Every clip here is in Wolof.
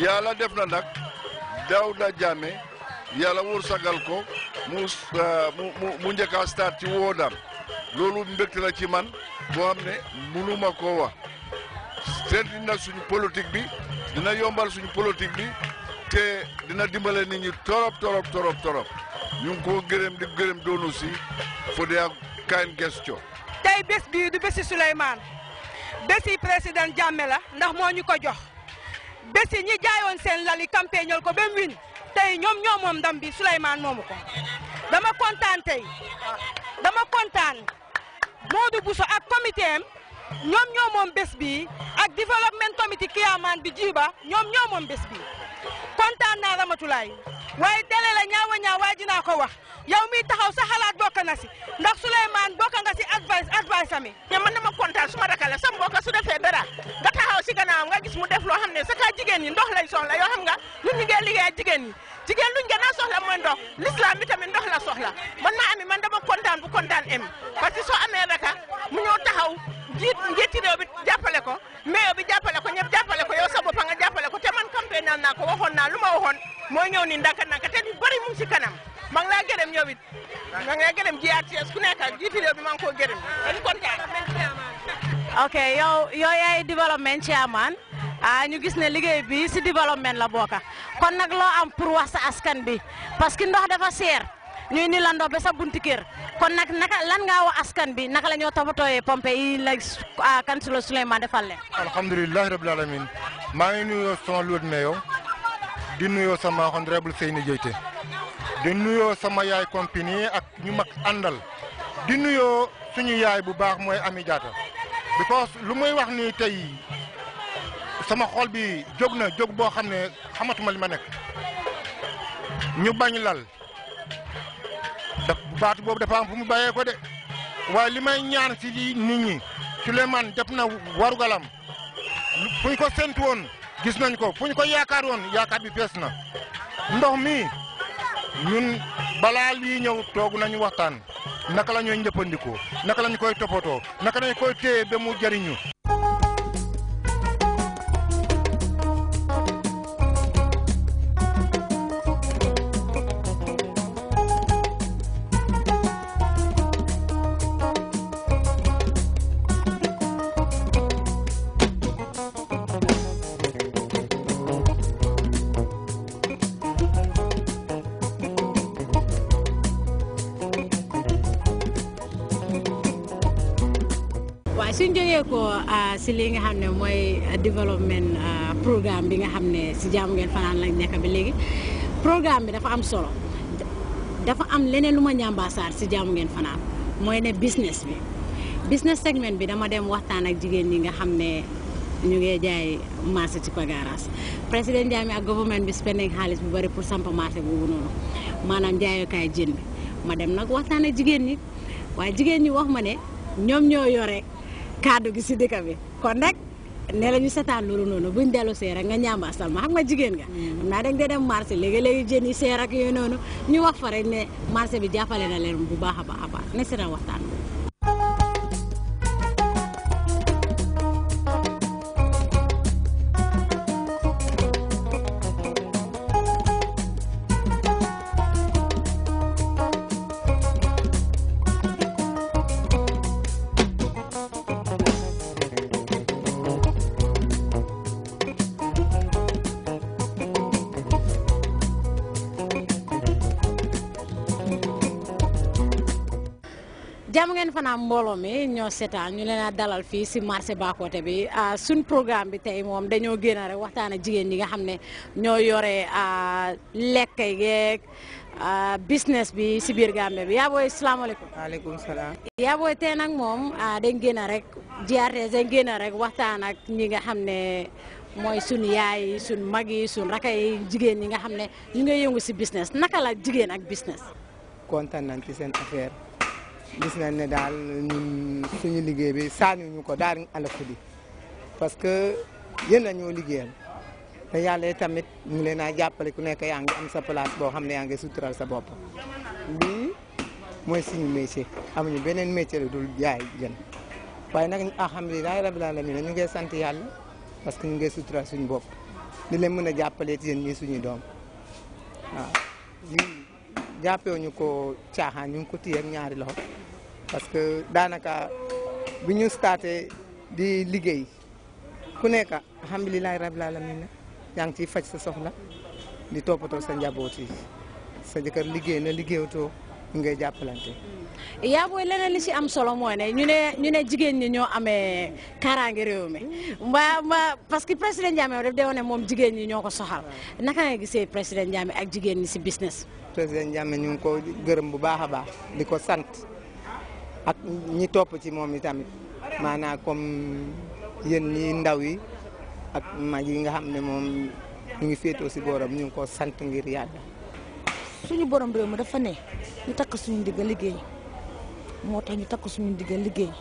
yalla def na nag Dawda yalla wour sagal ko mu euh, mu ndeka start ci woodam lolou mbekt la ci man bo xam munuma ko wa wax na suñu politique bi dina yombal suñu politique bi te dina dimbalé nit ñi torop torop torop torop ñu ko gërem di gërëm doonu ci for their kind gesture. tay bes bi du besi presiden jamela, président Jammeh ndax ko jox. bési ñi jaayoon seen lali campagnol ko ba win tey ñoom ñoo moom ndam bi Souleymane moomu ko dama kontaan tey dama kontaan Modou Bousso ak comité am ñoom moom bés bi ak développement comité Kiyaman bi jiiba ñoom ñoo moom bés bi kontaan naa Ramatulaay waaye dele la ñaawa ñaaw waa dinaa ko wax yow miy taxaw sa xalaat bokk na si ndax Souleymane bokk nga si advice advice ami. man dama kontaan su ma rakale sa mbokk su defee dara. si gannaawam nga gis mu def loo xam ne saka jigéen ndox lay soxla yoo xam nga ñun ñu ngee liggéey jigéen ñi jigéen luñ gën a soxla mooy ndox l'islam bi tamit ndox la soxla man naa ami man dama kontaan bu kontaan em parce soo amee raka mu ñëw taxaw jiit njiiti réew bi ko maire bi jàppale ko ñëpp jàppale ko yow sa bopp nga jàppale ko te man campagne naan naa ko waxoon naa lu ma waxoon moo ñëw ni ndànk ndànk te ñu bëri mu si kanam ma ngi laa gërëm ñëw it ma ngi laa gërëm jiyaat ku nekk jiiti réew koo gërëm ok yow yow yaay development chairman ah ñu gis ne liggéey bi si development labo ka. kon nag lo am pour sa askan bi parce que ndox dafa seer ñuy ni la ndox sa bunti kon nag naka lan nga wax askan bi naka la ñoo toppatooyee pompe yi la ah, kansilo Souleymane defal leen alamin ma ngi sama luut meyo di nuyoo sama honorable Seyni Jeyte di sama yaay kompini ak ñu mak andal, di nuyoo suñu yaay bu baax Ami Jaata because lu muy wax ni tey sama xol bi jóg na jóg boo xam ne xamatuma li ma nekk ñu bañ lal da baatu boobu dafa am fu mu bàyyee ko de waaye li may ñaan si nit ñi Souleymane def na warugalam fu ñu ko séntu woon gis nañ ko fu ñu ko yaakaar woon yaakaar bi fees na ndox mi ñun balaa lii ñëw toog nañu waxtaan naka la ñuy njëppandikoo naka lañ koy toppatoo naka lañ koy téye ba mu jariñu suñ jógee ko ah, si lii nga xam ne mooy développement ah, programme bi nga xam ne si jaamu ngeen fanaan lañ nekk bi léegi programme bi dafa am solo dafa am leneen lu ma ñambaasaar si jaamu ngeen fanaan mooy ne business bi business segment bi dama dem waxtaan ak jigéen ñi nga xam ne ñu ngi jaay marché ci Pagaras président Jammeh ak gouvernement bi spending bu bari pour samp boobu noonu maanaam jaayukaay jën bi dem nag waxtaan ak jigéen ñi waaye jigéen ñi wax ma ne ñoom ñoo yore kaddu gi si dëkk bi kon rek ne la ñu setaan loolu noonu buñ dellu see rek nga ñaambaasal ma xam nga jigéen nga mm. xam naa dañ dee dem marché léegi-léegi jën yi seer ak yooyu noonu ñu wax fa rek ne marché bi jàppale na leen bu baax a baax a baax ne seen waxtaan jàmm ngeen fanaan mbooloo mi ñoo seetaan ñu leenaa dalal fii si baa Bakoteh bi ah, suñ programme bi tey moom dañoo génn rek waxtaan ak jigéen ñi nga xam ne ñoo yore ah, lekk yeeg ah, business bi si biir Gambie bi yaa salaamaaleykum. waaleykum salaam. yaa booy nag moom dañ génn rek GRTS dañ rek waxtaan ak ñi nga xam ne mooy sun yaay yi sun mag yi sun raka yi jigéen ñi nga xam ne ñu ngi yëngu si business naka la jigéen ak business. kontaan nañ ci seen affaire. gis nañ ne daal suñu liggéey bi sànniwuñu ko daal alafudi parce que yéen a ñoo liggéeyal te yàlla tamit mu leen a jàppale ku nekk yaa am sa palaat boo xam ne yaa ngi sa bopp lii mooy suñu métier amuñu beneen métier lu dul jaay jën waaye nag alhamdulilah rabbil alamin ñu ngi sant yàlla parce que ñu ngi sutural suñu bopp di leen mën a jàppale ci yéen ñii suñu doom waaw lii ko caaxaan ñu ko téye ñaari loxo. parce que daanaka bu ñu starté di liggéey ku nekk alhamdulilahi rabbil alamin yaa ngi ciy faj sa soxla di toppatoo sa njabooti yi sa jëkkër liggéey na liggéeyatoo nga ngay jàppalante. yaa booy leneen li si am solo mooy ne ñu ne ñu jigéen ñi ñoo amee kaaraange réew mi mbaa mbaa parce que président Jammeh daf dee woon ne moom jigéen ñi ñoo ko soxal naka nga gisee président Jammeh ak jigéen ñi si business. président Jammeh ñu ngi ko gërëm bu baax a baax di ko sant. ak ñi topp ci moom i tamit maanaam comme yéen ñi ndaw yi ak mag yi nga xam ne moom ñu ngi féetoo si booram ñu ngi ko sant ngir yàlla. suñu borom réew mi dafa ne ñu takk suñu digga liggéey moo tax ñu takk suñu digga liggéey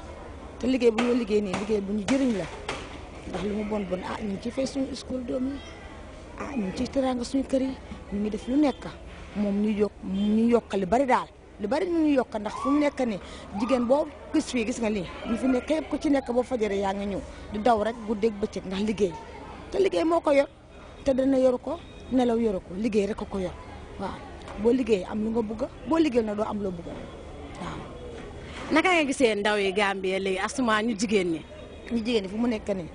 te liggéey bu ñu liggéey nii liggéey bu ñu jëriñ la ndax lu mu bon bon ah ñu ngi ciy fay suñu school doom ah ñu ngi kër yi ñu ngi def lu nekk moom ñu yokk ñu yokkali bari daal. li bari ñu ngi yokk ndax fu mu nekk nii jigéen boo gis fii gis nga lii ñu fi nekk yëpp ku ci nekk boo fajaree yaa ngi ñëw di daw rek guddeeg bëccëg ndax liggéey te liggéey moo ko yor te dana yoru ko nelaw yoru liggéey rek ko ko yor waaw boo liggéey am lu nga bëgg boo liggéey na doo am loo bëgg waaw. naka nga gisee ndaw yi Gambie léegi asuma ñu jigéen ñi. ñu jigéen ñi fu mu nekk nii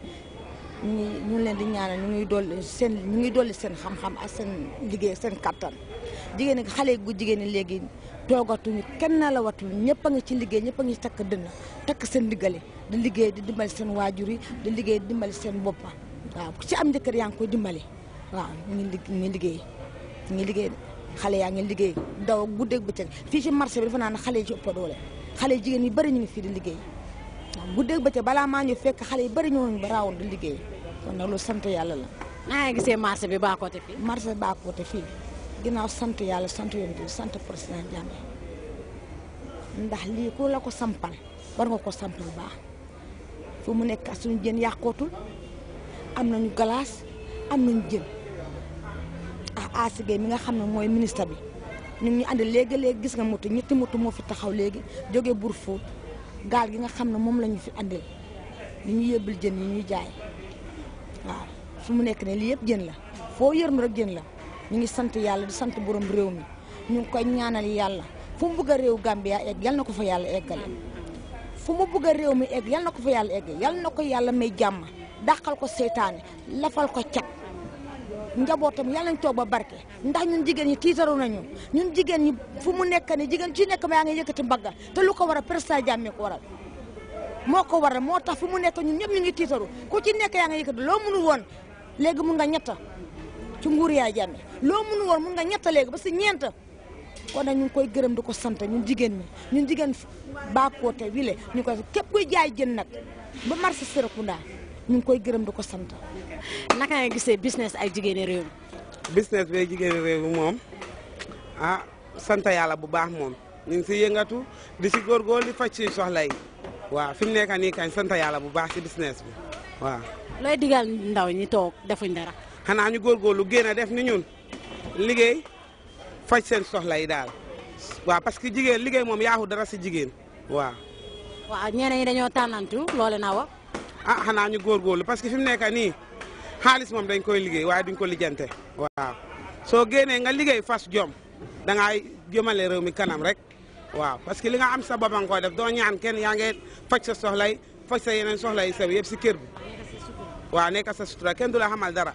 ñu ñu leen di ñaanal ñu ngi dolli seen ñu ngi dolli seen xam-xam ak seen liggéey seen kattan jigéen ñi xale gu jigéen ñi léegi toogatuñu kenn na la watul ñëpp a ngi ci liggéey ñëpp ngi ci takk dënn takk seen diggale di liggéey di dimbali seen waajur yi di liggéey di dimbali seen boppa waaw ku am jëkkër yaa ngi koy dimbali waaw ñu ngi liggéey ñu ngi liggéey xale yaa ngi liggéey daw guddeeg bëccëg fii ci marché bi dafa naan xale yi ci ëpp doole xale jigéen yi bëri ñu ngi di liggéey waaw guddeeg bëccëg balaa maa ñu fekk xale yi bari ñooñu ba raawoon di liggéey kon nag loolu sant yàlla la. naa gisee marché bi baa baaxoote fii. marché bi baaxoote fii ginaaw sant yalla sant yoon bi sant president Jammeh ndax li ko la ko sampal war nga ko sampal ba fu mu nek suñu jeen yakotul am nañu galaas am nañu jeen ah asige mi nga xamne moy ministre bi ñu ngi ànd léegi léegi gis nga moto ñetti moto mo fi taxaw léegi jóge Bur Fóot gal gi nga xamne mom lañu la fi andel ni ñu yebul jeen yi ñuy jaay waaw fu mu nek ne li yeb jeen la fo yermu rek jeen la. ñu ngi sant yàlla di sant borom réew mi ñu ngi koy ñaanal yàlla fu mu bëgg a réew egg yal na ko fa yàlla eggale fu mu bëgg réew mi egg yal ko fa yàlla egg yal na ko yàlla may jàmm dàqal ko seytaane lafal ko cat njabootam yal nañ toog ba barke ndax ñun jigéen ñi tiitaru nañu ñun jigéen ñi fu mu nekk ni jigéen ci nekk ma yaa ngi yëkkati mbagga te lu ko war a président Jammeh ko waral moo ko waral moo tax fu mu nekk ñun ñëpp ñu ngi tiitaru ko ci nekk yaa ngi yëkkati loo mënu woon léegi mun nga ñetta ci nguur yaay jàmme loo mun woon mun nga ñett léegi ba si ñeent kon nag ñu koy gërëm di ko sant ñun jigéen ñi ñun jigéen Bakoteh wile ñu koy képp kuy jaay jën nag ba marché Serekunda ñu ngi koy gërëm di ko sant. naka nga gisee business ay jigéeni réew mi. business bee jigéeni moom ah sant yàlla bu baax moom ñu ngi si yëngatu di si góorgóorlu di faj si soxla yi waaw fi mu nekk nii kañ sant yàlla bu baax si business bi waaw. looy digal ndaw ñi toog defuñ dara. xanaa ñu lu génn a def ni ñun liggéey faj seen soxla yi daal waaw parce que jigéen liggéey moom yaaxu dara si jigéen waaw. waaw ñeneen ñi dañoo tànnantu loole naa wax. ah xanaa ñu góorgóorlu parce que fi mu nekk nii xaalis moom dañ koy liggéey waaye di duñ ko lijjante waaw soo génnee nga liggéey fas jom da ngay jëmale mi kanam rek waaw parce que li nga am sa bopp nga koy def doo ñaan kenn yaa ngi faj sa soxlay faj sa yeneen soxlay sew yëpp si kér bi waaw nekk sa kenn du la xamal dara.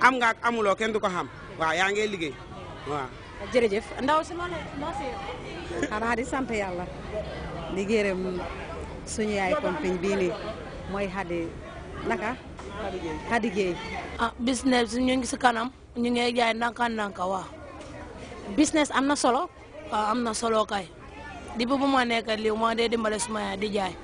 am nga ak amuloo kenn du ko xam waaw yaa ngi liggéey waaw. jërëjëf ndaw si loolu noo si xanaa di sant yàlla di gërëm suñu yaay compagnie bii nii mooy xadi naka xadi géey ah business ñu ngi si kanam ñu ngi jaay ndànka ndànka waaw business am na solo waaw ah, am na solo kay di bu ma nekk lii moo dee dimbale suma yaay di jaay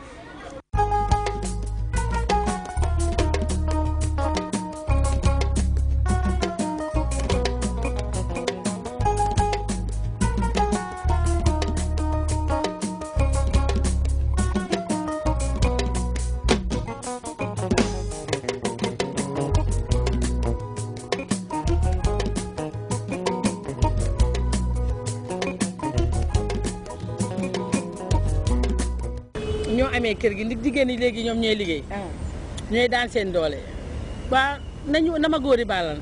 amee kër gi ndig jigéen ñi léegi ñoom ñooy liggéey ah. ñooy daan seen doole waa nañu nama góori bàllal